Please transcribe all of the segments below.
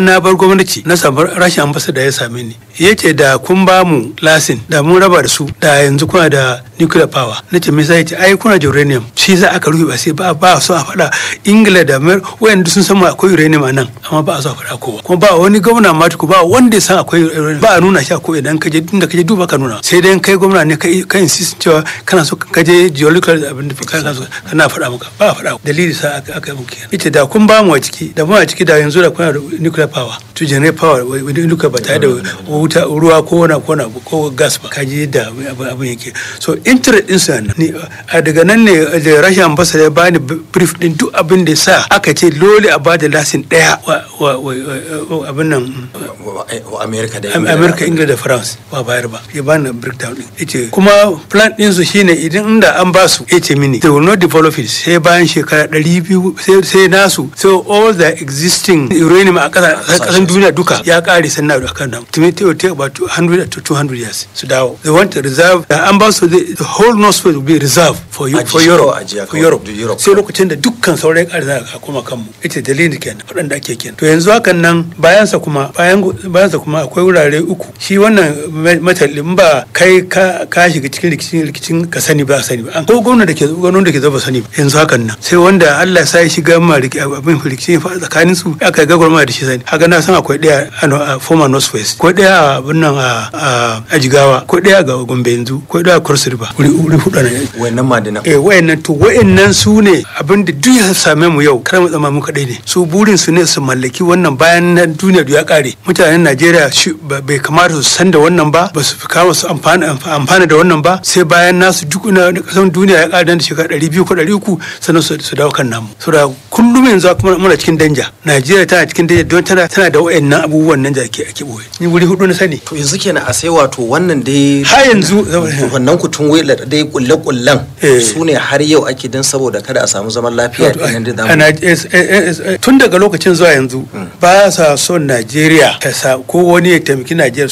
na bar gwamnati na samu rashin ambasa da ya same ni ya ce da kun ba mu lasin da mun raba da su da yanzu kuna da nuclear power na ce misa ya ce ai kuna da uranium shi za aka rufe ba sai ba ba so a fada ingila da mer wayanda sun san akwai uranium a nan amma ba a so a fada kowa kuma ba wani gwamna ma tuku ba wanda ya san akwai uranium ba a nuna shi a ko idan ka je inda ka je duba ka nuna sai dai kai gwamna ne kai kai insist cewa kana so ka je geological abin da kana so kana fada maka ba a fada dalili sa aka yi muke ya da kun ba mu a ciki da mu a ciki da yanzu da kuna da nuclear power to generate power wani duka ba tare da wuta ruwa ko na ko na ko gas ba kaji da abin yake so interest din su ne a daga nan ne eh, da rashin ambassador ya bani brief din duk abin da sa aka ce dole a bada lasin daya wa wa abin nan wa America da America England da France ba bayar ba ya bani breakdown din yace kuma plan din su shine idan inda an ba su yace mini they will not develop it sai bayan shekara 200 sai nasu so all the existing uranium a kasa kasan duniya duka ya kare san na da kan It will take about 100 to 200 years So dawo they want to reserve the ambassador the whole north will be reserved for, for Europe, for Europe. Europe. sai lokacin da dukkan sauran ƙarfi a kuma kanmu ita dalili kenan waɗanda ake kenan to yanzu hakan nan sa kuma sa kuma akwai wurare uku shi wannan matallin ba kai ka shiga cikin rikicin rikicin ka sani ba sani ba ko gwamna da ke gwamna da ke zaba sani ba yanzu hakan nan sai wanda Allah sa ya shiga ma abin rikicin tsakanin su aka ga gwamna da shi sani haka na san akwai a former northwest ko daya a bunnan a a jigawa ko daya ga gombe yanzu ko daya a kursu riba wuri hudu ne wannan ma adana eh wayannan to wayannan su ne abin da duk ya same mu yau kar mu zama mu kadai ne su burin su ne su mallaki wannan bayan na duniya ya kare mutanen Najeriya bai kamata su san da wannan ba ba su kama su amfana da wannan ba sai bayan nasu duk na kasan duniya ya kare da shekara 200 ko 300 sannan su dawo kan namu saboda kullum yanzu kuma muna cikin danja Najeriya tana cikin danja don tana tana da wayannan abubuwan nan da ake ake boye ni wuri hudu na sani to yanzu kenan a sai wato wannan dai ha yanzu wannan kutun wai dai kullakullan eh Eh. su ne har yau ake din saboda kada a samu zaman lafiya eh, eh, tun daga lokacin zuwa yanzu hmm. ba sa son najeriya ta sa ko wani ya taimaki najeriya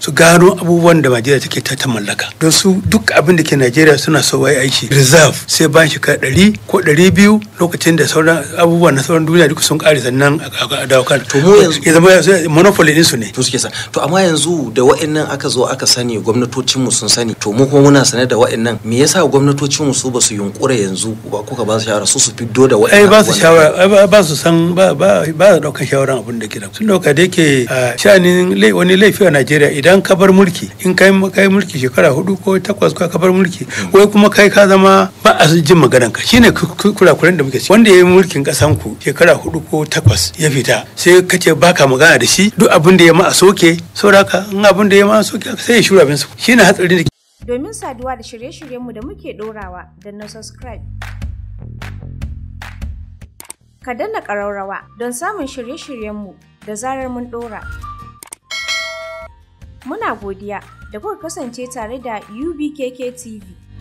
su gano abubuwan da najeriya take ta ta mallaka don su duk abin da ke najeriya suna so wai aiki reserve sai ban shi ka 100 ko 200 biyu lokacin da sauran abubuwan na sauran duniya duka sun kare sannan a dawo kan ya zama monopoly su ne to suke sa to amma yanzu da wa'annan aka zo aka sani mu sun sani to mu kuma muna sane da wa'annan me yasa gwamnatocin sun su ba su yunkura yanzu ba kuka ba su shawara su su fiddo da wa'annan ba su shawara ba su san ba ba ba daukan shawaran abin da kira sun dauka da yake sha'anin wani laifi a Najeriya idan ka bar mulki in kai kai mulki shekara hudu ko takwas ka bar mulki hmm. wai kuma kai ka zama ba a jin maganar ka shine kurakuren da muke ci wanda ya yi mulkin kasan ku shekara hudu ko takwas ya fita sai kace baka magana da shi duk abin da ya ma a soke saboda haka in abin da ya ma a soke sai ya shura bin su shine hatsarin da domin saduwa da shirye-shiryenmu da muke ɗorawa da na subscribe. Ka danna ƙaraurawa don samun shirye-shiryenmu da zarar mun ɗora. Muna godiya da kuka kasance tare da UBKK TV.